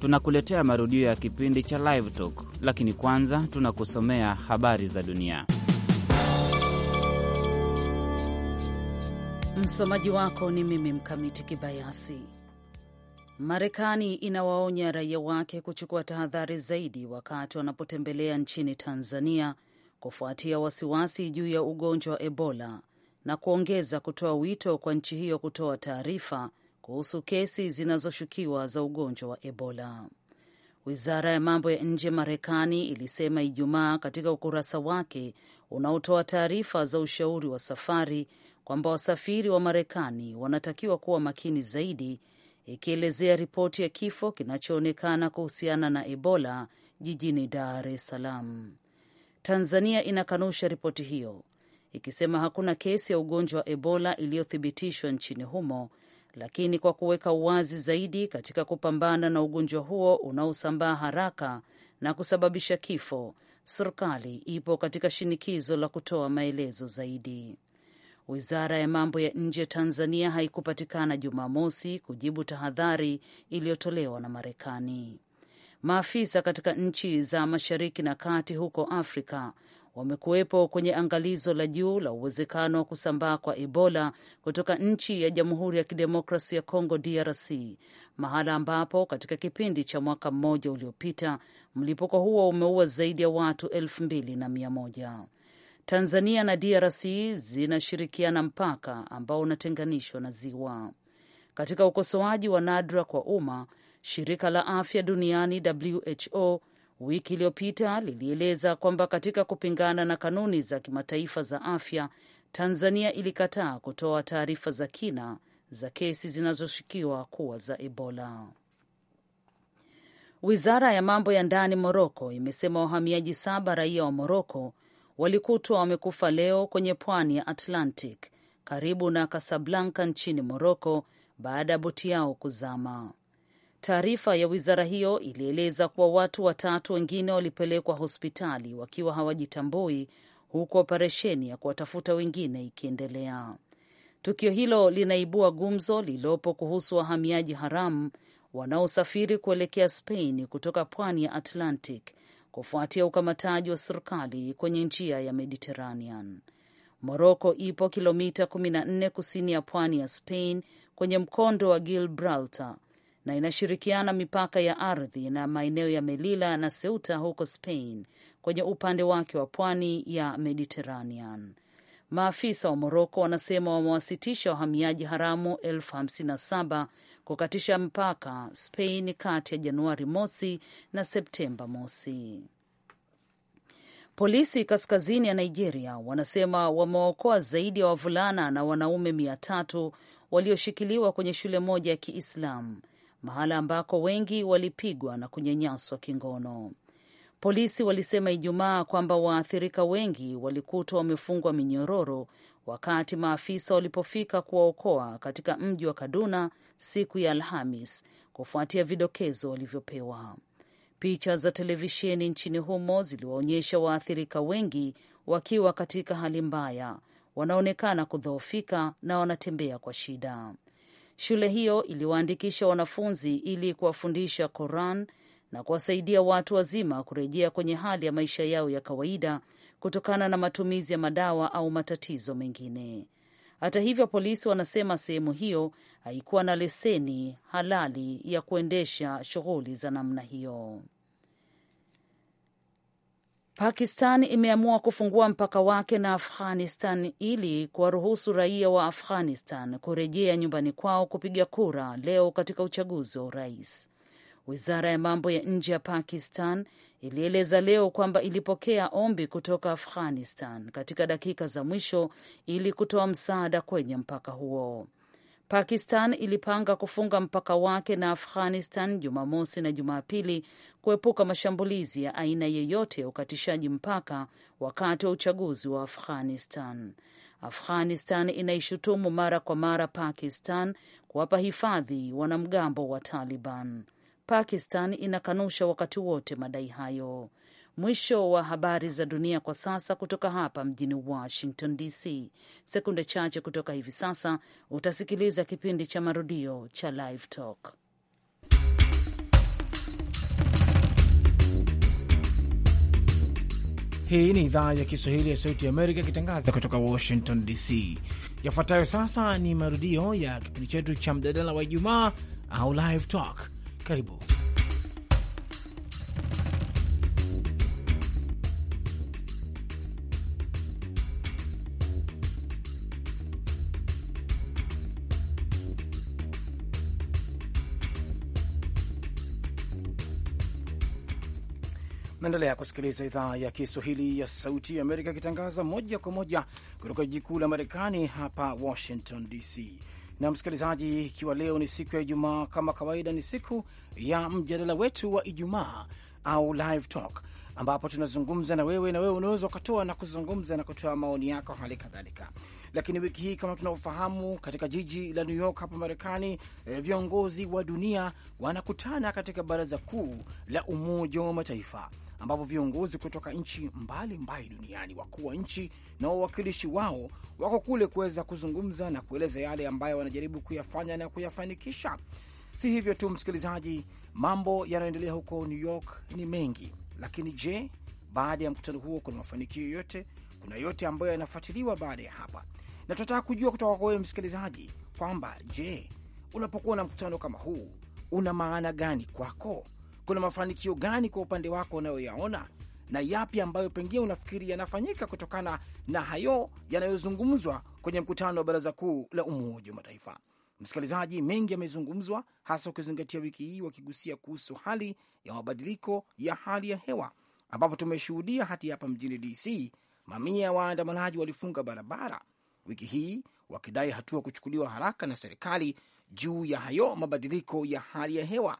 tunakuletea marudio ya kipindi cha Live Talk, lakini kwanza tunakusomea habari za dunia. Msomaji wako ni mimi Mkamiti Kibayasi. Marekani inawaonya raia wake kuchukua tahadhari zaidi wakati wanapotembelea nchini Tanzania kufuatia wasiwasi juu ya ugonjwa wa Ebola na kuongeza kutoa wito kwa nchi hiyo kutoa taarifa kuhusu kesi zinazoshukiwa za ugonjwa wa Ebola. Wizara ya mambo ya nje Marekani ilisema Ijumaa katika ukurasa wake unaotoa taarifa za ushauri wa safari kwamba wasafiri wa Marekani wanatakiwa kuwa makini zaidi, ikielezea ripoti ya kifo kinachoonekana kuhusiana na Ebola jijini Dar es Salaam. Tanzania inakanusha ripoti hiyo ikisema hakuna kesi ya ugonjwa wa Ebola iliyothibitishwa nchini humo lakini kwa kuweka uwazi zaidi katika kupambana na ugonjwa huo unaosambaa haraka na kusababisha kifo, serikali ipo katika shinikizo la kutoa maelezo zaidi. Wizara ya mambo ya nje ya Tanzania haikupatikana Jumamosi kujibu tahadhari iliyotolewa na Marekani. Maafisa katika nchi za mashariki na kati huko Afrika wamekuwepo kwenye angalizo la juu la uwezekano wa kusambaa kwa Ebola kutoka nchi ya Jamhuri ya Kidemokrasi ya Kongo DRC, mahala ambapo katika kipindi cha mwaka mmoja uliopita mlipuko huo umeua zaidi ya watu elfu mbili na mia moja. Tanzania na DRC zinashirikiana mpaka ambao unatenganishwa na ziwa. Katika ukosoaji wa nadra kwa umma, shirika la afya duniani WHO wiki iliyopita lilieleza kwamba katika kupingana na kanuni za kimataifa za afya, Tanzania ilikataa kutoa taarifa za kina za kesi zinazoshukiwa kuwa za Ebola. Wizara ya mambo ya ndani Moroko imesema wahamiaji saba raia wa Moroko walikutwa wamekufa leo kwenye pwani ya Atlantic karibu na Kasablanka nchini Moroko baada ya boti yao kuzama. Taarifa ya wizara hiyo ilieleza kuwa watu watatu wengine walipelekwa hospitali wakiwa hawajitambui huku operesheni ya kuwatafuta wengine ikiendelea. Tukio hilo linaibua gumzo lililopo kuhusu wahamiaji haramu wanaosafiri kuelekea Spain kutoka pwani ya Atlantic kufuatia ukamataji wa serikali kwenye njia ya Mediterranean. Moroko ipo kilomita 14 kusini ya pwani ya Spain kwenye mkondo wa Gibraltar na inashirikiana mipaka ya ardhi na maeneo ya melila na Ceuta huko Spain kwenye upande wake wa pwani ya Mediterranean. Maafisa wa Moroko wanasema wamewasitisha wahamiaji haramu elfu hamsini na saba kukatisha mpaka Spain kati ya Januari mosi na Septemba mosi. Polisi kaskazini ya Nigeria wanasema wamewaokoa zaidi ya wa wavulana na wanaume mia tatu walioshikiliwa kwenye shule moja ya Kiislamu mahala ambako wengi walipigwa na kunyanyaswa kingono. Polisi walisema Ijumaa kwamba waathirika wengi walikutwa wamefungwa minyororo wakati maafisa walipofika kuwaokoa katika mji wa Kaduna siku ya Alhamis kufuatia vidokezo walivyopewa. Picha za televisheni nchini humo ziliwaonyesha waathirika wengi wakiwa katika hali mbaya, wanaonekana kudhoofika na wanatembea kwa shida. Shule hiyo iliwaandikisha wanafunzi ili kuwafundisha Koran na kuwasaidia watu wazima kurejea kwenye hali ya maisha yao ya kawaida kutokana na matumizi ya madawa au matatizo mengine. Hata hivyo, polisi wanasema sehemu hiyo haikuwa na leseni halali ya kuendesha shughuli za namna hiyo. Pakistan imeamua kufungua mpaka wake na Afghanistan ili kuwaruhusu raia wa Afghanistan kurejea nyumbani kwao kupiga kura leo katika uchaguzi wa urais. Wizara ya mambo ya nje ya Pakistan ilieleza leo kwamba ilipokea ombi kutoka Afghanistan katika dakika za mwisho ili kutoa msaada kwenye mpaka huo. Pakistan ilipanga kufunga mpaka wake na Afghanistan Jumamosi na Jumapili kuepuka mashambulizi ya aina yeyote ya ukatishaji mpaka wakati wa uchaguzi wa Afghanistan. Afghanistan inaishutumu mara kwa mara Pakistan kuwapa hifadhi wanamgambo wa Taliban. Pakistan inakanusha wakati wote madai hayo. Mwisho wa habari za dunia kwa sasa kutoka hapa mjini Washington DC. Sekunde chache kutoka hivi sasa utasikiliza kipindi cha marudio cha Live Talk. Hii ni idhaa ya Kiswahili ya Sauti ya Amerika ikitangaza kutoka Washington DC. Yafuatayo sasa ni marudio ya kipindi chetu cha mjadala wa Ijumaa au Live Talk. Karibu. Naendelea kusikiliza idhaa ya Kiswahili ya Sauti ya Amerika ikitangaza moja kwa moja kutoka jiji kuu la Marekani, hapa Washington DC. Na msikilizaji, ikiwa leo ni siku ya Ijumaa, kama kawaida, ni siku ya mjadala wetu wa Ijumaa au live talk, ambapo tunazungumza na wewe na wewe unaweza ukatoa na kuzungumza na kutoa maoni yako hali kadhalika. Lakini wiki hii kama tunavyofahamu, katika jiji la New York hapa Marekani, eh, viongozi wa dunia wanakutana katika baraza kuu la Umoja wa Mataifa ambapo viongozi kutoka nchi mbalimbali duniani, wakuu wa nchi na wawakilishi wao wako kule kuweza kuzungumza na kueleza yale ambayo wanajaribu kuyafanya na kuyafanikisha. Si hivyo tu, msikilizaji, mambo yanayoendelea huko New York ni mengi, lakini je, baada ya mkutano huo kuna mafanikio yoyote? Kuna yote ambayo yanafuatiliwa baada ya hapa, na tunataka kujua kutoka kwa wewe msikilizaji kwamba je, unapokuwa na mkutano kama huu una maana gani kwako? kuna mafanikio gani kwa upande wako unayoyaona na yapi ambayo pengine unafikiri yanafanyika kutokana na hayo yanayozungumzwa kwenye mkutano wa Baraza Kuu la Umoja wa Mataifa? Msikilizaji, mengi yamezungumzwa, hasa ukizingatia wiki hii wakigusia kuhusu hali ya mabadiliko ya hali ya hewa, ambapo tumeshuhudia hati hapa mjini DC mamia ya waandamanaji walifunga barabara wiki hii wakidai hatua kuchukuliwa haraka na serikali juu ya hayo mabadiliko ya hali ya hewa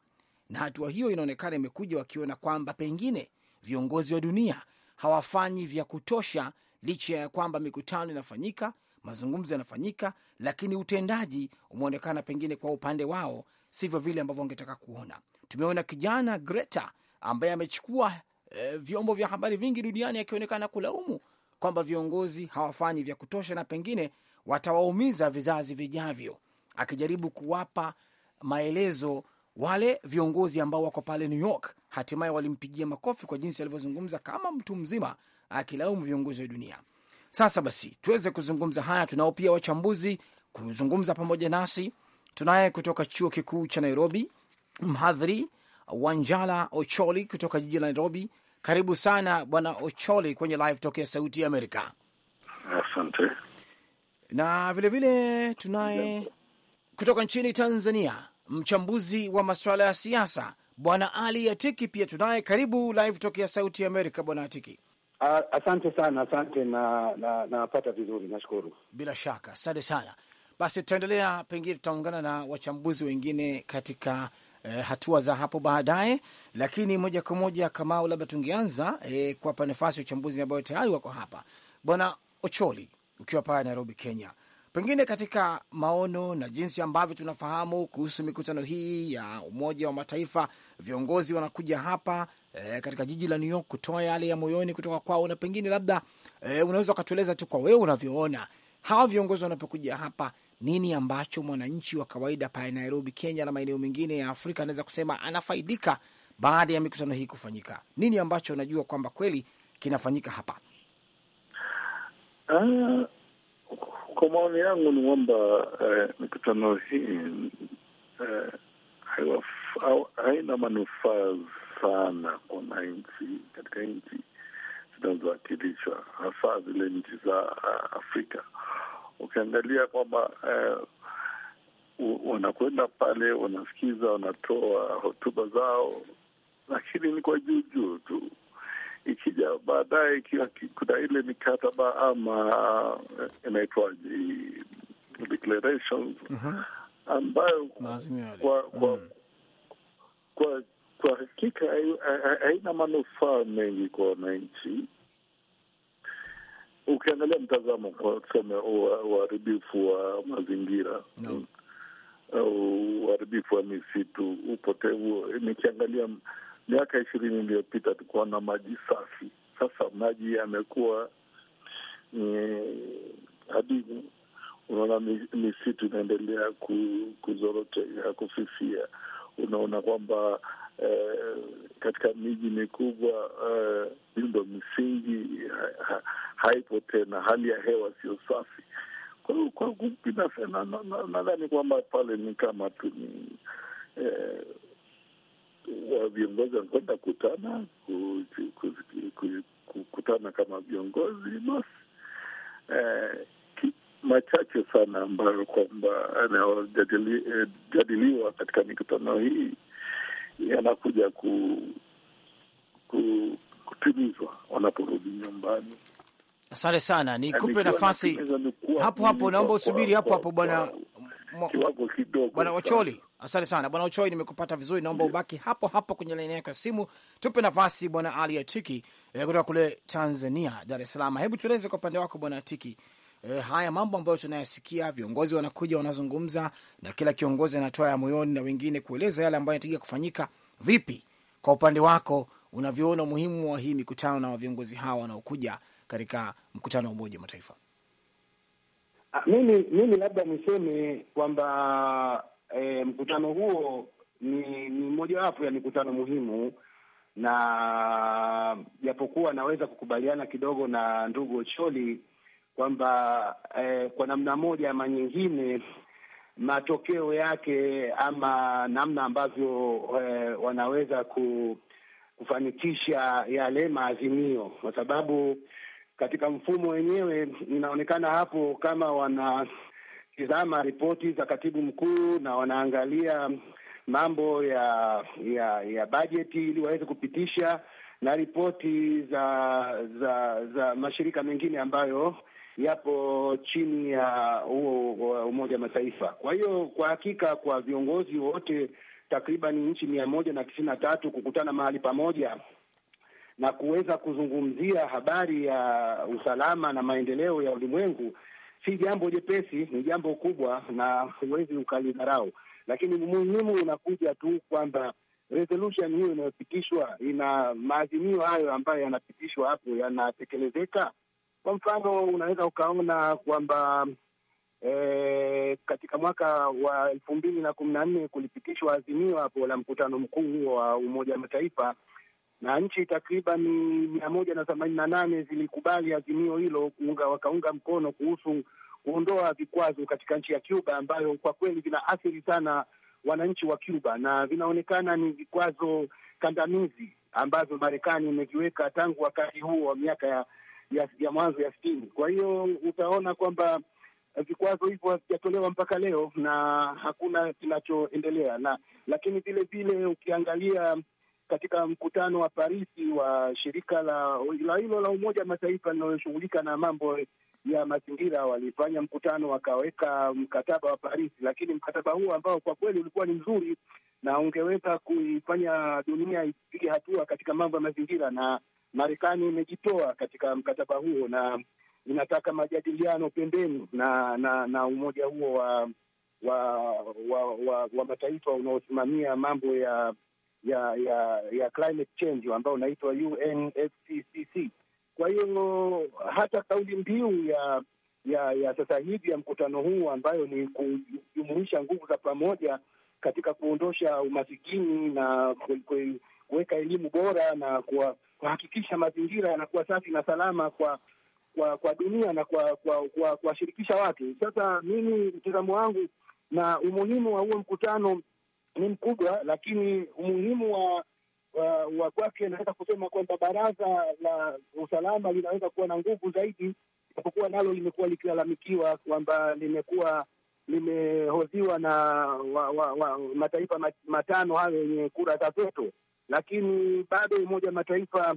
na hatua hiyo inaonekana imekuja wakiona kwamba pengine viongozi wa dunia hawafanyi vya kutosha, licha ya kwamba mikutano inafanyika, mazungumzo yanafanyika, lakini utendaji umeonekana pengine kwa upande wao sivyo vile ambavyo wangetaka kuona. Tumeona kijana Greta ambaye amechukua e, vyombo vya habari vingi duniani akionekana kulaumu kwamba viongozi hawafanyi vya kutosha na pengine watawaumiza vizazi vijavyo, akijaribu kuwapa maelezo wale viongozi ambao wako pale New York hatimaye walimpigia makofi kwa jinsi alivyozungumza kama mtu mzima, akilaumu viongozi wa dunia. Sasa basi, tuweze kuzungumza haya. Tunao pia wachambuzi kuzungumza pamoja nasi. Tunaye kutoka chuo kikuu cha Nairobi, mhadhiri Wanjala Ocholi kutoka jiji la Nairobi. Karibu sana Bwana Ocholi kwenye Live Talk ya Sauti ya Amerika. Asante. Na vilevile tunaye kutoka nchini Tanzania mchambuzi wa masuala ya siasa Bwana Ali Atiki pia tunaye. Karibu live tokea Sauti ya Amerika, Bwana Atiki. Asante sana, asante na napata na vizuri, nashukuru. Bila shaka, asante sana. Basi tutaendelea, pengine tutaungana na wachambuzi wengine katika eh, hatua za hapo baadaye, lakini moja kwa moja Kamau, labda tungeanza eh, kuwapa nafasi ya uchambuzi ambayo tayari wako hapa. Bwana Ocholi, ukiwa pale Nairobi, Kenya, pengine katika maono na jinsi ambavyo tunafahamu kuhusu mikutano hii ya Umoja wa Mataifa, viongozi wanakuja hapa e, katika jiji la New York kutoa yale ya moyoni kutoka kwao, na pengine labda e, unaweza ukatueleza tu kwa wewe unavyoona hawa viongozi wanapokuja hapa, nini ambacho mwananchi wa kawaida pale Nairobi, Kenya na maeneo mengine ya Afrika anaweza kusema anafaidika baada ya mikutano hii kufanyika? Nini ambacho unajua kwamba kweli kinafanyika hapa? Uh, kwa maoni yangu ni kwamba eh, mikutano hii eh, haina manufaa sana kwa wananchi katika nchi zinazowakilishwa, hasa zile nchi za eh, Afrika. Ukiangalia kwamba eh, wanakwenda pale, wanasikiza, wanatoa hotuba zao, lakini ni kwa juujuu juu tu baadaye, ikiwa kuna ile mikataba ama eh, inaitwaje declarations mhm. ambayo kwa kwa mm. kwa kwa hakika haina manufaa mengi kwa wananchi. Ukiangalia mtazamo kwa tuseme uharibifu wa mazingira no. uharibifu wa misitu, upotevu. Nikiangalia miaka ishirini iliyopita tukuwa na maji safi sasa maji yamekuwa ni adimu. Unaona misitu inaendelea kuzoroteka, kufifia. Unaona kwamba eh, katika miji mikubwa eh, miundo eh, misingi ha, ha, haipo tena, hali ya hewa sio safi. Kwa hiyo binafsi nadhani kwamba pale ni kama tu ni eh, wa viongozi wanakwenda kutana kukutana kama viongozi, basi eh, machache sana ambayo kwamba yanayojadiliwa eh, katika mikutano hii yanakuja ku, ku, kutimizwa wanaporudi nyumbani. Asante sana, nikupe nafasi hapo hapo, naomba usubiri hapo hapo bwana Bwana Wacholi, Asante sana bwana Uchoi, nimekupata vizuri. Naomba yeah, ubaki hapo hapo kwenye laini yako ya simu. Tupe nafasi bwana Ali Atiki eh, kutoka kule Tanzania, Dar es Salaam. Hebu tueleze kwa upande wako bwana Atiki, eh, haya mambo ambayo tunayasikia, viongozi wanakuja wanazungumza, na kila kiongozi anatoa ya moyoni na wengine kueleza yale ambayo yanatakiwa kufanyika. Vipi kwa upande wako unavyoona umuhimu wa hii mikutano na viongozi hawa wanaokuja katika mkutano wa Umoja wa Mataifa? Ah, mimi mimi labda niseme kwamba e, mkutano huo ni ni mojawapo ya mikutano muhimu, na japokuwa naweza kukubaliana kidogo na ndugu Ocholi kwamba e, kwa namna moja ama nyingine matokeo yake ama namna ambavyo e, wanaweza ku, kufanikisha yale maazimio, kwa sababu katika mfumo wenyewe inaonekana hapo kama wana wanatizama ripoti za katibu mkuu na wanaangalia mambo ya ya ya bajeti ili waweze kupitisha na ripoti za za za mashirika mengine ambayo yapo chini ya huo Umoja wa Mataifa. Kwa hiyo kwa hakika kwa viongozi wote takriban nchi mia moja na tisini na tatu kukutana mahali pamoja na kuweza kuzungumzia habari ya usalama na maendeleo ya ulimwengu si jambo jepesi, ni jambo kubwa na huwezi ukalidharau, lakini muhimu unakuja tu kwamba resolution hiyo inayopitishwa ina maazimio hayo ambayo yanapitishwa hapo yanatekelezeka. Kwa mfano, unaweza ukaona kwamba e, katika mwaka wa elfu mbili na kumi na nne kulipitishwa azimio hapo la mkutano mkuu wa Umoja wa Mataifa na nchi takriban mia moja na themanini na nane zilikubali azimio hilo kuunga, wakaunga mkono kuhusu kuondoa vikwazo katika nchi ya Cuba ambayo kwa kweli vina athiri sana wananchi wa Cuba na vinaonekana ni vikwazo kandamizi ambazo Marekani imeviweka tangu wakati huo wa miaka ya, ya, ya mwanzo ya sitini. Kwa hiyo utaona kwamba vikwazo hivyo havijatolewa mpaka leo na hakuna kinachoendelea, na lakini vile vile ukiangalia katika mkutano wa parisi wa shirika la hilo la Umoja wa Mataifa linaloshughulika na mambo ya mazingira, walifanya mkutano wakaweka mkataba wa parisi lakini mkataba huo ambao kwa kweli ulikuwa ni mzuri na ungeweza kuifanya dunia ipige hatua katika mambo ya mazingira, na Marekani imejitoa katika mkataba huo na inataka majadiliano pembeni na na na umoja huo wa wa wa, wa, wa mataifa unaosimamia mambo ya ya ya ya climate change ambayo unaitwa UNFCCC. Kwa hiyo hata kauli mbiu ya ya ya sasa hivi ya mkutano huu ambayo ni kujumuisha nguvu za pamoja katika kuondosha umasikini na kuweka elimu bora na kuhakikisha mazingira yanakuwa safi na salama kwa kwa kwa dunia na kwa kuwashirikisha kwa, kwa watu. Sasa mimi mtazamo wangu na umuhimu wa huo mkutano ni mkubwa, lakini umuhimu wa wa, wa kwake naweza kusema kwamba baraza la usalama linaweza kuwa na nguvu zaidi, japokuwa nalo limekuwa likilalamikiwa kwamba limekuwa limehoziwa na wa, wa, wa, mataifa matano hayo yenye kura za veto, lakini bado Umoja wa Mataifa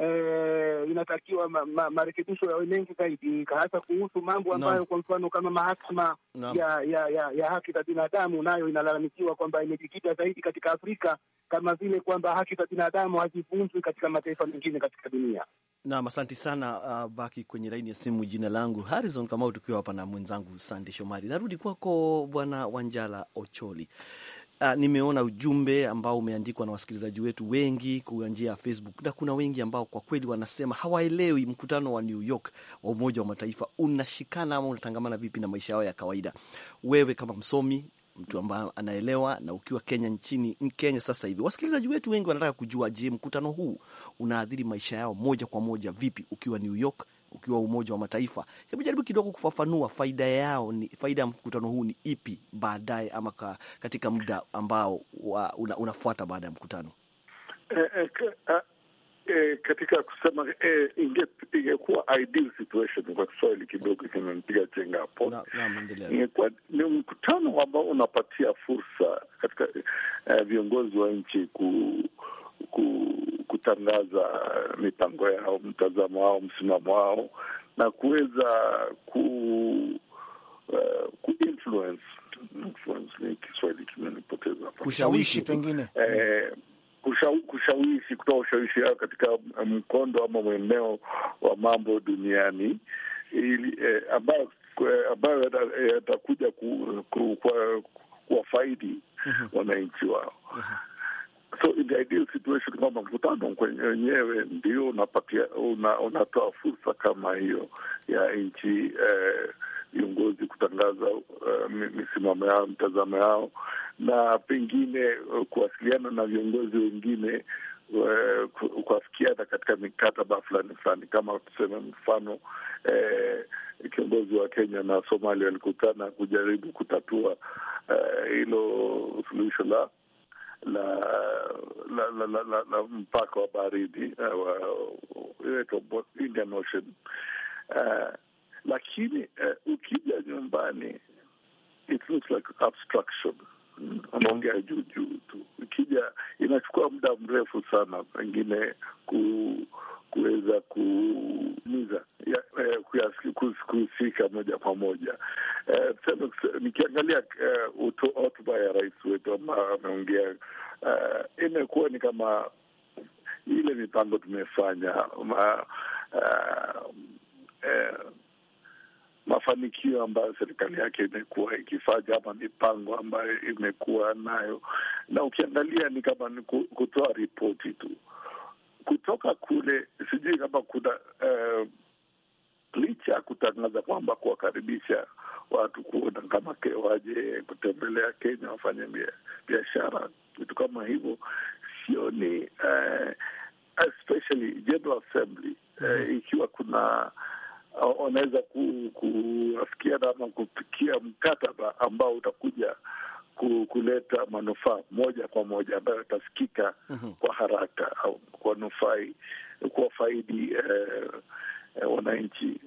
eh, inatakiwa marekebisho ma, ma, yawe mengi zaidi, hasa kuhusu mambo ambayo no. kwa mfano kama mahakama no. ya, ya, ya, ya haki za binadamu nayo inalalamikiwa kwamba imejikita zaidi katika Afrika kama vile kwamba haki za binadamu hazivunjwi katika mataifa mengine katika dunia. Naam, asante sana. Uh, baki kwenye laini ya simu. Jina langu Harrison Kamau, tukiwa hapa na mwenzangu Sande Shomari. Narudi kwako Bwana Wanjala Ocholi. Uh, nimeona ujumbe ambao umeandikwa na wasikilizaji wetu wengi kwa njia ya Facebook na kuna wengi ambao kwa kweli wanasema hawaelewi mkutano wa New York wa Umoja wa Mataifa unashikana ama unatangamana vipi na maisha yao ya kawaida. Wewe kama msomi mtu ambaye anaelewa na ukiwa Kenya nchini Kenya sasa hivi, wasikilizaji wetu wengi wanataka kujua, je, mkutano huu unaathiri maisha yao moja kwa moja vipi ukiwa New York ukiwa Umoja wa Mataifa. Hebu jaribu kidogo kufafanua faida yao ni, faida ya mkutano huu ni ipi baadaye ama ka, katika muda ambao una, unafuata baada ya mkutano eh, eh, ka, eh, eh, katika kusema eh, ingekuwa ideal situation kwa Kiswahili kidogo kimempiga chenga hapo. Ni mkutano ambao unapatia fursa katika eh, viongozi wa nchi ku kutangaza mipango yao, mtazamo wao, msimamo wao na kuweza ku uh, ku influence ni Kiswahili kimenipoteza, kushawishi pengine eh, kushawishi kutoa ushawishi wao katika mkondo ama mweneo wa mambo duniani ili eh, ambayo eh, ambayo yatakuja kuwafaidi mhm. wananchi wao. Mhm. So in the ideal situation, kwamba mkutano wenyewe ndio unapatia unatoa fursa kama hiyo ya nchi eh, viongozi eh, kutangaza eh, misimamo yao, mtazamo yao, na pengine eh, kuwasiliana na viongozi wengine eh, kuafikiana katika mikataba fulani fulani, kama tuseme mfano eh, kiongozi wa Kenya na Somalia walikutana kujaribu kutatua hilo eh, suluhisho la la la, la, la, la, la mpaka wa baridi eh, inaitwa uh, Indian Ocean uh, lakini uh, ukija nyumbani it looks like abstraction unaongea mm. juu juu tu, ikija inachukua muda mrefu sana pengine ku za kuumiza eh, kuhusika moja kwa moja. Eh, nikiangalia eh, hotuba ya rais wetu ambayo ameongea imekuwa ni kama ile mipango tumefanya ma, uh, eh, mafanikio ambayo serikali yake imekuwa ikifanya ama mipango ambayo imekuwa nayo, na ukiangalia ni kama ni kutoa ripoti tu kutoka kule, sijui kama kuna uh, licha ya kutangaza kwamba kuwakaribisha watu kuona kama ke waje kutembelea Kenya wafanye biashara vitu kama hivyo, sioni uh, eh, especially General Assembly uh, ikiwa kuna wanaweza uh, ku, ama kupikia mkataba ambao utakuja kuleta manufaa moja kwa moja ambayo yatasikika mm-hmm. kwa haraka au kuwanufai faidi eh, eh, wananchi.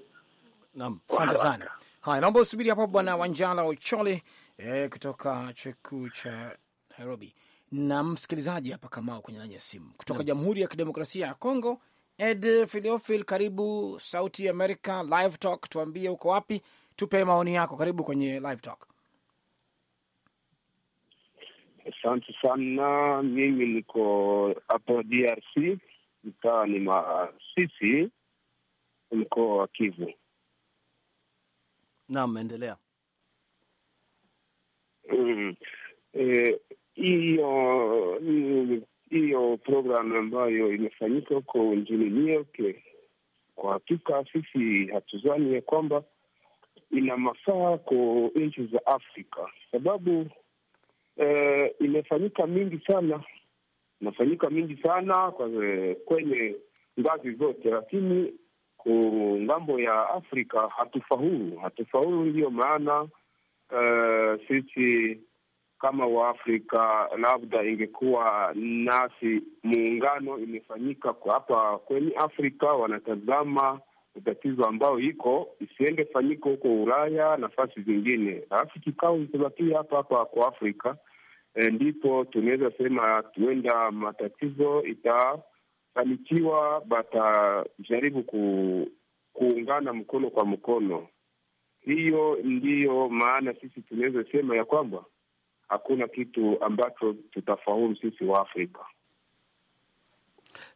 Naam, asante sana. Haya, naomba usubiri hapo Bwana Wanjala Ochole eh, kutoka chuo kikuu cha Nairobi na msikilizaji hapa Kamao kwenye laini ya simu kutoka Jamhuri ya Kidemokrasia ya Kongo. Ed Filiofil, karibu Sauti Amerika Live Talk. Tuambie uko wapi, tupe maoni yako, karibu kwenye Live Talk. Asante sana. Mimi niko hapo DRC ni Masisi, mkoa wa Kivu. Naam, endelea. Mm. Eh, hiyo e, hiyo programu ambayo imefanyika huko nchini New York, kwa hakika sisi hatuzani ya kwamba ina mafaa kwa nchi za Afrika, sababu e, imefanyika mingi sana, imefanyika mingi sana kwa eh, kwenye ngazi zote, lakini ku ngambo ya Afrika hatufaulu, hatufaulu. Ndiyo maana e, sisi kama Waafrika labda ingekuwa nasi muungano imefanyika hapa kwenye Afrika, wanatazama tatizo ambayo iko isiende fanyika huko Ulaya, nafasi zingine, alafu kikao itabakia hapa hapa kwa Afrika. E, ndipo tunaweza sema tuenda matatizo itafanikiwa, batajaribu ku, kuungana mkono kwa mkono. Hiyo ndiyo maana sisi tunaweza sema ya kwamba hakuna kitu ambacho tutafaulu sisi wa Afrika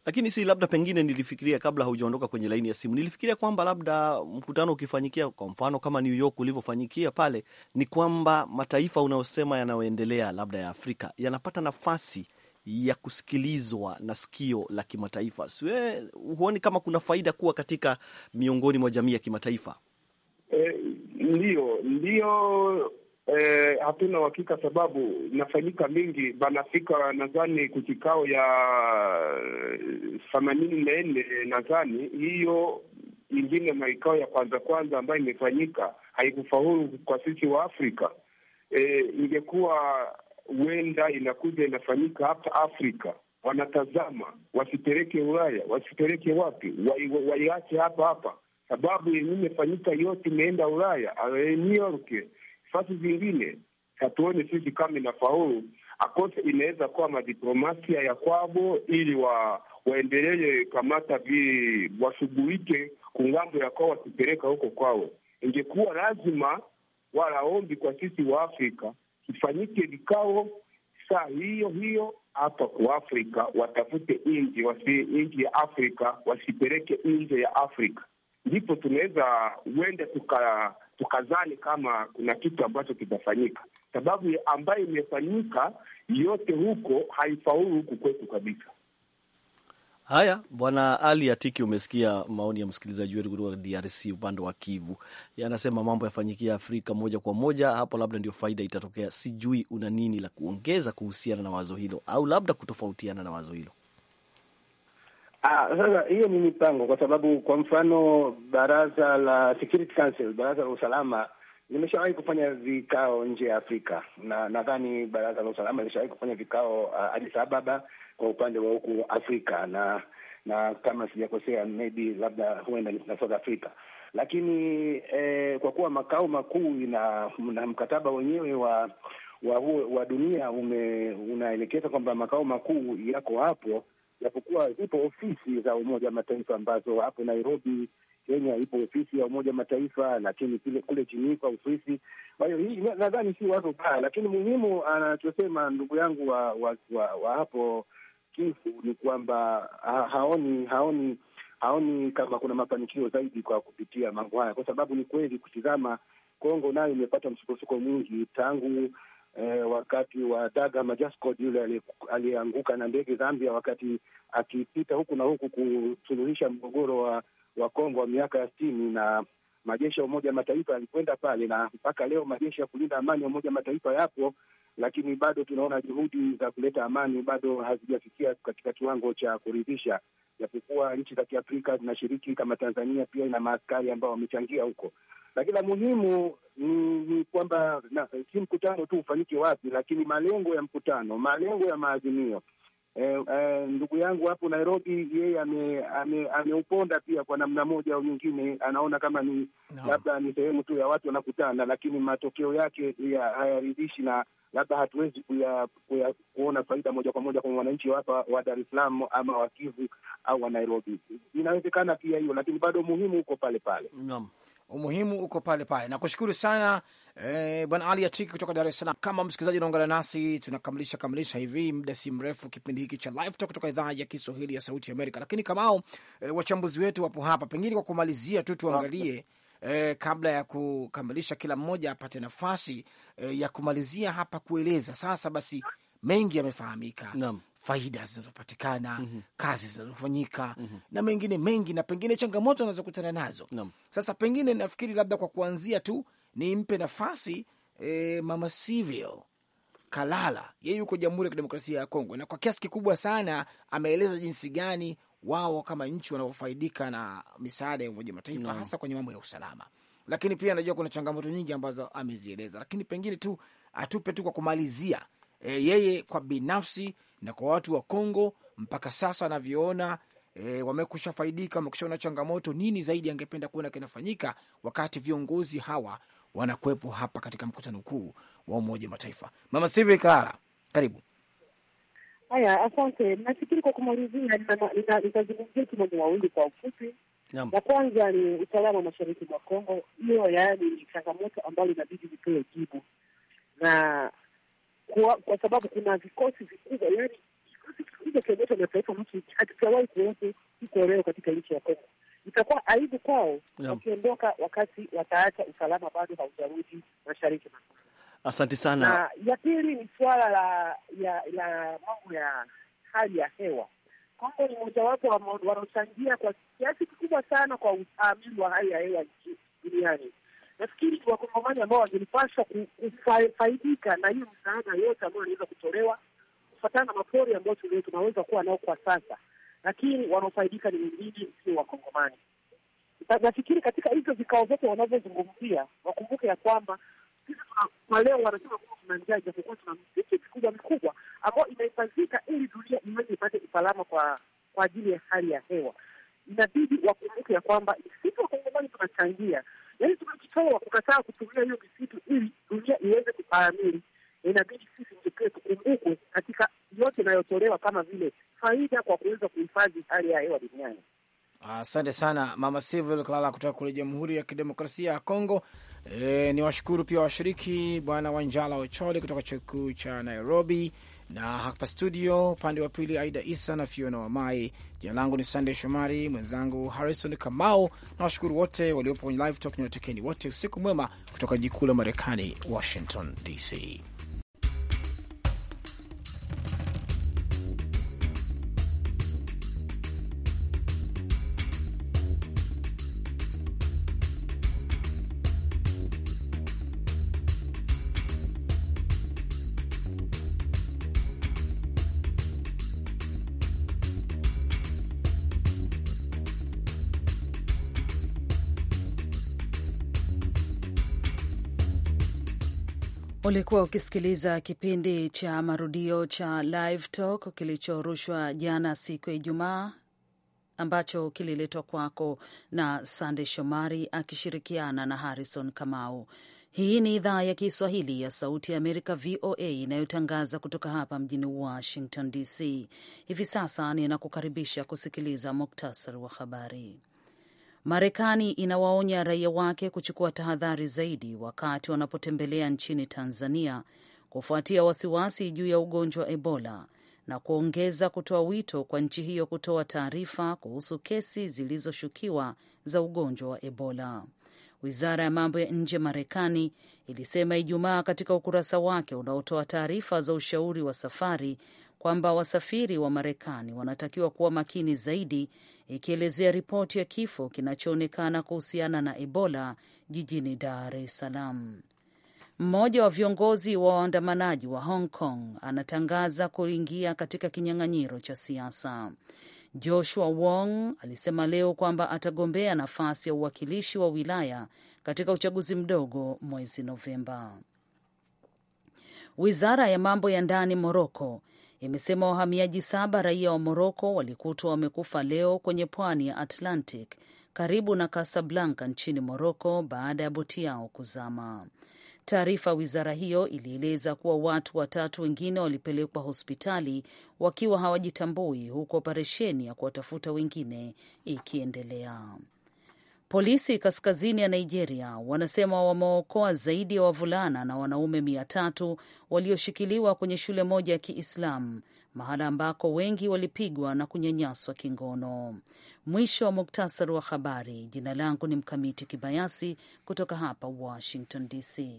lakini si labda, pengine nilifikiria kabla haujaondoka kwenye laini ya simu, nilifikiria kwamba labda mkutano ukifanyikia kwa mfano kama New York ulivyofanyikia pale, ni kwamba mataifa unayosema yanayoendelea labda ya Afrika yanapata nafasi ya kusikilizwa na sikio la kimataifa. Siwe huoni kama kuna faida kuwa katika miongoni mwa jamii ya kimataifa? Eh, ndio ndio eh, hatuna uhakika sababu inafanyika mingi. Banafika nadhani kukikao ya eh, themanini na nne nadhani hiyo ingine maikao ya kwanza kwanza ambayo imefanyika haikufaulu kwa sisi wa Afrika. E, ingekuwa huenda inakuja inafanyika hapa Afrika, wanatazama wasipeleke Ulaya, wasipeleke wapi, waiache wa, wa hapa hapa, sababu yenye imefanyika yote imeenda Ulaya, eh, New York fasi zingine hatuoni sisi kama inafaulu akose, inaweza kuwa madiplomasia ya kwavo ili wa waendelee kamata vi washughulike kungambo ya kwao, wakipeleka huko kwao. Ingekuwa lazima wala ombi kwa sisi wa Afrika kifanyike vikao saa hiyo hiyo hapa ku Afrika, watafute nje wasi nje ya Afrika wasipeleke nje ya Afrika, ndipo tunaweza huenda tuka tukazani kama kuna kitu ambacho kitafanyika, sababu ambayo imefanyika yote huko haifaulu huku kwetu kabisa. Haya, Bwana Ali Atiki, umesikia maoni ya msikilizaji wetu kutoka DRC upande wa Kivu. Anasema mambo yafanyikia Afrika moja kwa moja, hapo labda ndio faida itatokea. Sijui una nini la kuongeza kuhusiana na wazo hilo, au labda kutofautiana na wazo hilo. Ah, sasa hiyo ni mipango, kwa sababu kwa mfano baraza la Security Council, baraza la usalama limeshawahi kufanya vikao nje ya Afrika na nadhani baraza la usalama limeshawahi kufanya vikao uh, Addis Ababa kwa upande wa huku Afrika na na kama sijakosea, maybe labda huenda na South Africa, lakini eh, kwa kuwa makao makuu na, na mkataba wenyewe wa wa, wa dunia unaelekeza kwamba makao makuu yako hapo japokuwa ipo ofisi za Umoja wa Mataifa ambazo hapo Nairobi Kenya ipo ofisi ya Umoja Mataifa, lakini kule kule Jiniva Uswisi. Kwa hiyo hii nadhani si wazo baya, lakini muhimu uh, anachosema ndugu yangu wa, wa, wa, wa hapo Kifu ni kwamba ha, haoni haoni haoni kama kuna mafanikio zaidi kwa kupitia mambo haya, kwa sababu ni kweli kutizama Kongo nayo imepata msukosuko mwingi tangu eh, wakati wa Daga Majaskod yule aliyeanguka na ndege Zambia, wakati akipita huku na huku kusuluhisha mgogoro wa wa Kongo wa miaka ya sitini na majeshi ya Umoja Mataifa yalikwenda pale, na mpaka leo majeshi ya kulinda amani ya Umoja Mataifa yapo lakini bado tunaona juhudi za kuleta amani bado hazijafikia katika kiwango cha kuridhisha, japokuwa nchi za Kiafrika zinashiriki kama Tanzania pia ina maaskari ambao wamechangia huko. Lakini la muhimu ni, ni kwamba si mkutano tu ufanyike wapi, lakini malengo ya mkutano, malengo ya maazimio eh, eh, ndugu yangu hapo Nairobi yeye ameuponda ame, ameuponda pia kwa namna moja au nyingine, anaona kama ni no. labda ni sehemu tu ya watu wanakutana, lakini matokeo yake ya, hayaridhishi na labda hatuwezi kuya, kuya, kuona faida moja kwa moja kwa wananchi hapa wa Dar es Salaam ama wa Kivu au wa Nairobi. Inawezekana pia hiyo, lakini bado muhimu huko pale pale. Naam umuhimu uko pale pale. Nakushukuru sana e, Bwana Ali Atiki kutoka Dar es Salaam. Kama msikilizaji unaungana nasi, tunakamilisha kamilisha hivi muda si mrefu kipindi hiki cha Live Talk kutoka idhaa ya Kiswahili ya Sauti Amerika, lakini kamao e, eh, wachambuzi wetu wapo hapa. Pengine kwa kumalizia tu tuangalie E, kabla ya kukamilisha, kila mmoja apate nafasi e, ya kumalizia hapa kueleza sasa basi mengi yamefahamika, faida zinazopatikana, mm -hmm. kazi zinazofanyika mm -hmm. na mengine mengi, na pengine changamoto anazokutana nazo Nam. Sasa pengine nafikiri labda kwa kuanzia tu nimpe nafasi e, Mama Sivil Kalala, yeye yuko Jamhuri ya Kidemokrasia ya Kongo, na kwa kiasi kikubwa sana ameeleza jinsi gani wao kama nchi wanavyofaidika na misaada ya Umoja Mataifa no. hasa kwenye mambo ya usalama, lakini pia anajua kuna changamoto nyingi ambazo amezieleza, lakini pengine tu atupe tu kwa kumalizia e, yeye kwa binafsi na kwa watu wa Kongo mpaka sasa anavyoona e, wamekusha faidika, wamekushaona changamoto. Nini zaidi angependa kuona kinafanyika wakati viongozi hawa wanakuwepo hapa katika mkutano mkuu wa Umoja wa Mataifa? Mama Silvi Kalala, karibu. Haya, asante. Nafikiri kwa kumalizia, nitazungumzia mambo mawili kwa ufupi. La kwanza ni usalama mashariki mwa Kongo. Hiyo yaani ni changamoto ambayo inabidi lipewe jibu na kwa, kwa sababu kuna vikosi vikubwa, yani vikosi kikubwa kinaitwa mataifa mtu hakijawahi kuwepo kiko leo katika nchi ya Kongo. Itakuwa aibu kwao wakiondoka wakati wataacha usalama bado haujarudi mashariki ma Asante sana. Na ya pili ni suala la ya la mambo ya hali ya hewa. Kongo ni mojawapo wanaochangia kwa kiasi kikubwa sana kwa uamili wa hali ya hewa duniani nafikiri wakongomani ambao wangelipaswa kufaidika na hiyo msaada yote ambayo inaweza kutolewa kufatana na mapori ambayo tunaweza kuwa nao kwa sasa, lakini wanaofaidika ni wengine, sio wakongomani. Nafikiri katika hizo vikao vyote wanavyozungumzia wakumbuke ya kwamba sisi kwa leo wanasema kuwa tuna njaa, japokuwa tuna misitu mikubwa mikubwa ambayo inahifadhika ili dunia iweze ipate usalama kwa kwa ajili ya hali ya hewa. Inabidi wakumbuke ya kwamba sisi wakongomani tunachangia yani tumejitoa kukataa kutumia hiyo misitu ili dunia iweze kuparamili. Inabidi sisi ndio tukumbukwe katika yote inayotolewa kama vile faida kwa kuweza kuhifadhi hali ya hewa duniani. Asante ah, sana Mama Sivil Klala kutoka kule Jamhuri ya Kidemokrasia ya Kongo. E, eh, ni washukuru pia washiriki Bwana Wanjala Ocholi kutoka chuo kikuu cha Nairobi, na hapa studio upande wa pili Aida Isa na Fiona Wamai. Jina langu ni Sandey Shomari, mwenzangu Harrison Kamau na washukuru wote waliopo kwenye live talk. Niwatekeni wote usiku mwema kutoka jikuu la Marekani, Washington DC. Ulikuwa ukisikiliza kipindi cha marudio cha Live Talk kilichorushwa jana siku ya Ijumaa ambacho kililetwa kwako na Sande Shomari akishirikiana na Harrison Kamau. Hii ni idhaa ya Kiswahili ya Sauti ya Amerika, VOA, inayotangaza kutoka hapa mjini Washington DC. Hivi sasa ninakukaribisha kusikiliza muktasari wa habari. Marekani inawaonya raia wake kuchukua tahadhari zaidi wakati wanapotembelea nchini Tanzania kufuatia wasiwasi juu ya ugonjwa wa Ebola na kuongeza kutoa wito kwa nchi hiyo kutoa taarifa kuhusu kesi zilizoshukiwa za ugonjwa wa Ebola. Wizara ya mambo ya nje Marekani ilisema Ijumaa katika ukurasa wake unaotoa taarifa za ushauri wa safari kwamba wasafiri wa Marekani wanatakiwa kuwa makini zaidi, ikielezea ripoti ya kifo kinachoonekana kuhusiana na Ebola jijini Dar es Salaam. Mmoja wa viongozi wa waandamanaji wa Hong Kong anatangaza kuingia katika kinyang'anyiro cha siasa. Joshua Wong alisema leo kwamba atagombea nafasi ya uwakilishi wa wilaya katika uchaguzi mdogo mwezi Novemba. Wizara ya mambo ya ndani Moroko imesema wahamiaji saba raia wa Moroko walikutwa wamekufa leo kwenye pwani ya Atlantic karibu na Casablanca nchini Moroko baada ya boti yao kuzama. Taarifa wizara hiyo ilieleza kuwa watu watatu wengine walipelekwa hospitali wakiwa hawajitambui, huku operesheni ya kuwatafuta wengine ikiendelea. Polisi kaskazini ya Nigeria wanasema wameokoa zaidi ya wavulana na wanaume mia tatu walioshikiliwa kwenye shule moja ya Kiislamu, mahala ambako wengi walipigwa na kunyanyaswa kingono. Mwisho wa muktasari wa habari. Jina langu ni Mkamiti Kibayasi kutoka hapa Washington DC.